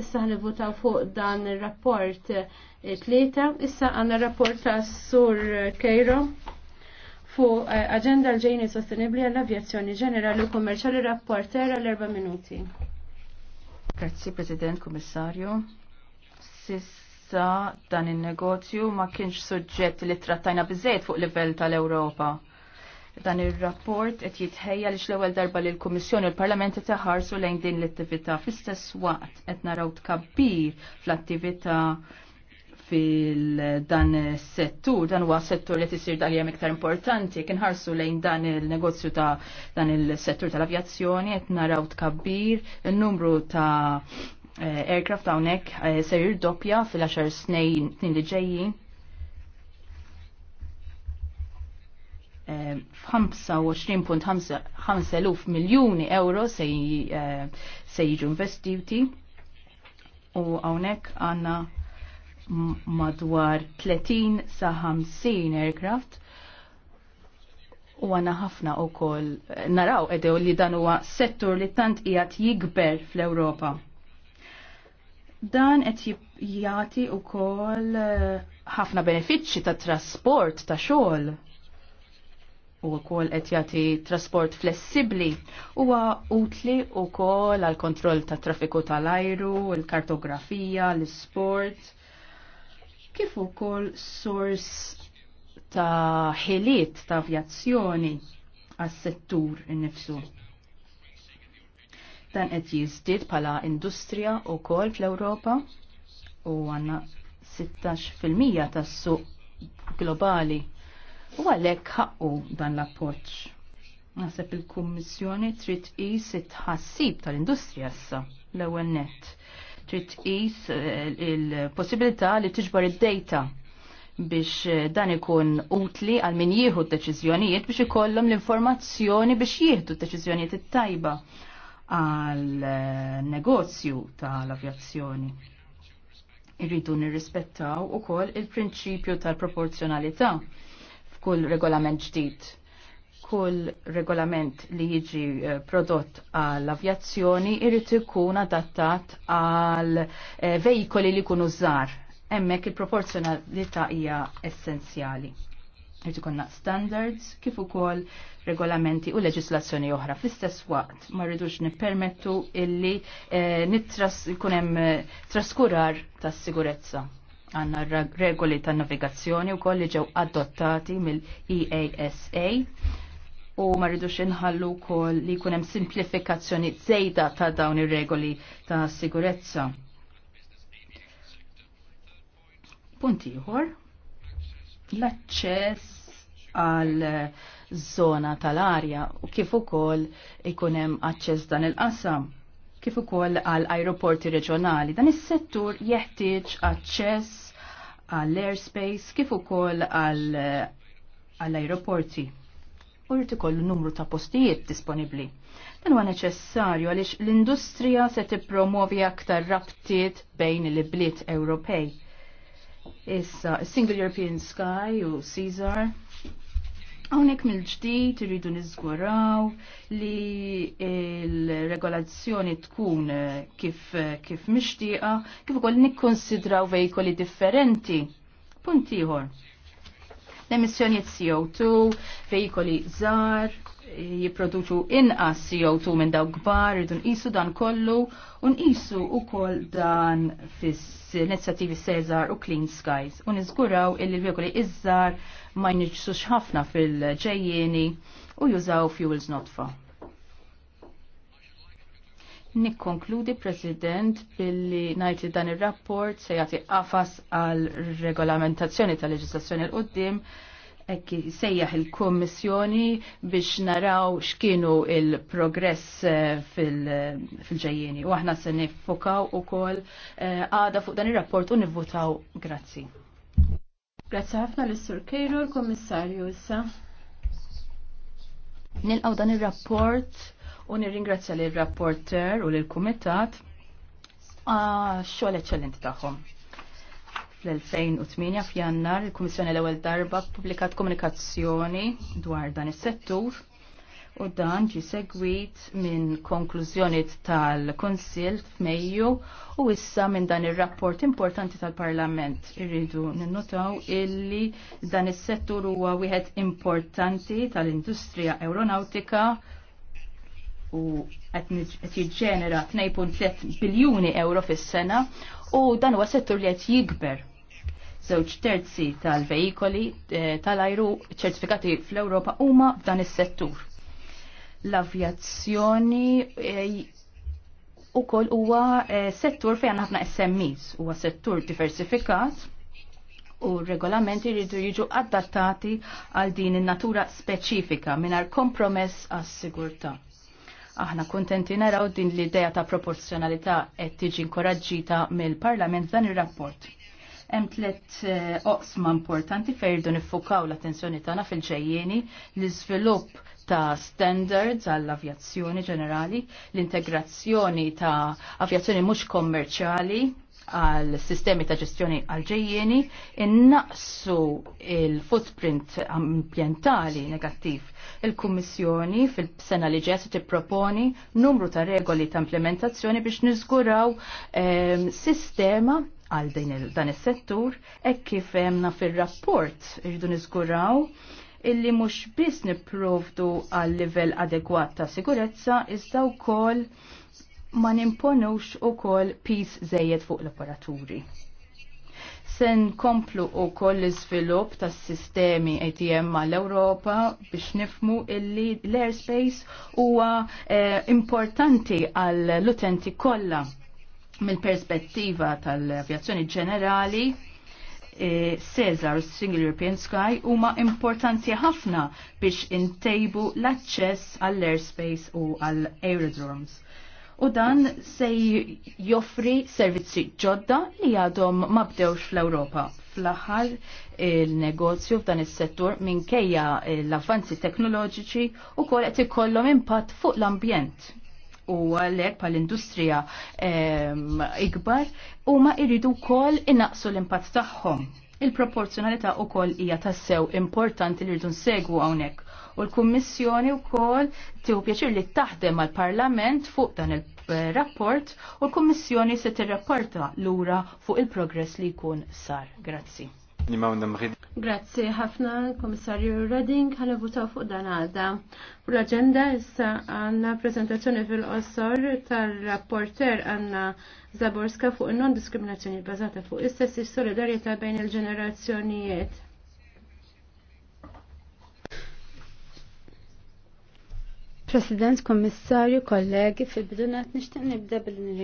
Issa ħnivutaw fuq dan il-rapport eh, tlieta. Issa għanna rapport ta' Sur Kejro fuq eh, Agenda l-ġejni sostenibli għall-avjazzjoni ġenerali u kummerċali rapporter għal erba' minuti. Grazzi, President, Kommissarju. Sissa dan il-negozju ma kienx suġġett li trattajna bizzejt fuq livell tal-Ewropa Dan ir-rapport qed jitħejja li l-ewwel darba li l-Kummissjoni u l-Parlament qed iħarsu lejn din l-attività fl-istess waqt qed naraw tkabbir fl-attività fil-dan settur, dan huwa settur li tisir dal iktar importanti, kien ħarsu lejn dan il-negozju ta' dan il-settur tal-avjazzjoni, qed naraw tkabbir, il-numru ta' eh, aircraft hawnhekk eh, se jirdoppja fil-10 snin li ġejjin 25.5 miljoni euro eh, se jiġu investiti u għonek għanna madwar 30 sa 50 aircraft u għanna ħafna u kol eh, naraw edew li dan huwa settur li tant qiegħed jikber fl-Ewropa. Dan qed jagħti wkoll eh, ħafna benefiċċji ta' trasport ta' xogħol u kol qed jagħti trasport flessibbli huwa utli wkoll għal kontroll tat traffiku tal-ajru, il-kartografija, l-isport, kif ukoll sors ta' ħiliet ta' avjazzjoni għas-settur innifsu. Dan qed jiżdied bħala industrija wkoll fl-Ewropa u għanna 16% tas-suq globali u għalhekk ħaqqu dan l-appoġġ. Naħseb il-Kummissjoni trid qis it-ħassib tal-industrija issa l-ewwel net, Trid qis eh, il-possibilità li tiġbar id-data biex eh, dan ikun utli għal min jieħu d-deċiżjonijiet biex ikollhom l-informazzjoni biex jieħdu d-deċiżjonijiet it-tajba għal eh, negozju tal-avjazzjoni. Irridu nirrispettaw ukoll il-prinċipju tal-proporzjonalità. tal proporzjonalità kull regolament ġdid kull regolament li jiġi eh, prodott għall-avjazzjoni irrid ikun adattat għal eh, vejkoli li jkunu żgħar. Hemmhekk il-proporzjonalità hija essenzjali. Irrid ikunna standards kif ukoll regolamenti u leġislazzjoni oħra. Fl-istess waqt ma rridux nippermettu illi nittras eh, nitras ikun hemm traskurar tas-sigurezza għanna regoli ta' navigazzjoni u kolli ġew adottati mill-EASA u ma rridux inħallu kol li kunem simplifikazzjoni zejda ta' dawn ir-regoli ta' sigurezza. Punt ieħor, l-aċċess għal zona tal-arja u kif ukoll ikun hemm aċċess dan il-qasam kif ukoll għal aeroporti reġjonali. Dan is-settur jeħtieġ aċċess għall airspace kif ukoll għal aeroporti. U jrid ikollu numru ta' postijiet disponibbli. Dan huwa neċessarju għaliex l-industrija se tippromovi aktar rabtiet bejn il-bliet Ewropej. Issa, Single European Sky u Caesar Hawnhekk mill-ġdid irridu niżguraw li l-regolazzjoni tkun eh, kif eh, kif mixtieqa, kif ukoll nikkonsidraw vejkoli differenti. Punt ieħor l-emissjonijiet CO2, veikoli żgħar jipproduċu inqas CO2 minn dawk kbar, irridu nqisu dan kollu u nqisu wkoll dan fis-inizjattivi Cesar u Clean Skies u niżguraw illi l-vejkoli iż ma jniġsux ħafna fil-ġejjieni u jużaw fuels notfa. Nikkonkludi, President, billi ngħid li dan il-rapport se jagħti qafas għal regolamentazzjoni tal-leġislazzjoni l-qoddim ekki sejjaħ il kummissjoni biex naraw x'kienu il-progress eh, fil ġejjieni U aħna se nifokaw ukoll eh, għada fuq dan ir-rapport u nivvutaw grazzi. Grazzi ħafna l-Sur Kejru, l-Kommissarju issa. Nilqaw dan ir-rapport u nirringrazzja lil rapporter u lil kumitat ah, xogħol eċċellenti tagħhom. Fl-2008 f'Jannar il-Kummissjoni l ewel darba publikat komunikazzjoni dwar dan is-settur u dan ġi segwit minn konklużjoni tal-Konsil f'Mejju u issa minn dan ir-rapport importanti tal-Parlament. Irridu ninnotaw illi dan is-settur huwa wieħed importanti tal-industrija aeronautika u qed jiġġenera 2.3 biljuni euro fis-sena u dan huwa settur li qed jikber. Żewġ terzi tal-vejikoli eh, tal-ajru ċertifikati fl-Ewropa huma f'dan is-settur. L-avjazzjoni eh, u koll huwa eh, settur fejn ħafna SMEs, huwa settur diversifikat u regolamenti jridu jiġu adattati għal din in-natura speċifika mingħajr kompromess għas-sigurtà. Aħna kontenti naraw din l-idea ta' proporzjonalità qed tiġi inkoraġġita mill-Parlament dan ir-rapport. Hemm tliet eh, oqsma importanti fejn irdu niffukaw l-attenzjoni tagħna fil-ġejjieni l-iżvilupp ta' standards għall-avjazzjoni ġenerali, l-integrazzjoni ta' avjazzjoni mhux kommerċjali għal sistemi ta' ġestjoni ġejjeni innaqsu il-footprint ambientali negattiv. Il-Kummissjoni fil-sena li ġesa tipproponi numru ta' regoli ta' implementazzjoni biex niżguraw ehm, sistema għal dan is-settur e kif hemmna fir-rapport irridu niżguraw illi mhux biss nipprovdu għal livell adegwat ta' sigurezza iżda wkoll ma nimponux u kol pis zejed fuq l-operaturi. Sen komplu u koll l-izvilup tas sistemi ATM mal europa biex nifmu illi l-airspace huwa eh, importanti għall-utenti kollha mill-perspettiva tal-avjazzjoni ġenerali. Eh, Cesar Single European Sky huma importanti ħafna biex intejbu l-aċċess għall-airspace u għall-aerodromes u dan se joffri servizzi ġodda li għadhom ma bdewx fl-Ewropa. Fl-aħħar il-negozju f'dan is-settur minkejja l avanzi teknoloġiċi u kol qed ikollhom impatt fuq l-ambjent u għalek pal-industrija ehm, ikbar u ma irridu kol innaqsu l-impatt tagħhom Il-proporzjonalità wkoll hija tassew importanti li rridu nsegwu hawnhekk. U l-Kummissjoni wkoll tieħu pjaċir li taħdem għal parlament fuq dan il-rapport u l-Kummissjoni se tirrapporta lura fuq il-progress li jkun sar. Grazzi. Grazzi ħafna komissarju Redding ħana votaw fuq dan għada. Fuq l-agenda issa għanna prezentazzjoni fil-qossor tal-rapporter għanna Zaborska fuq non-diskriminazzjoni bazata fuq istessi solidarieta bejn il-ġenerazzjonijiet. President, Kommissarju, kollegi, fil bidunat nishtiq nibda bil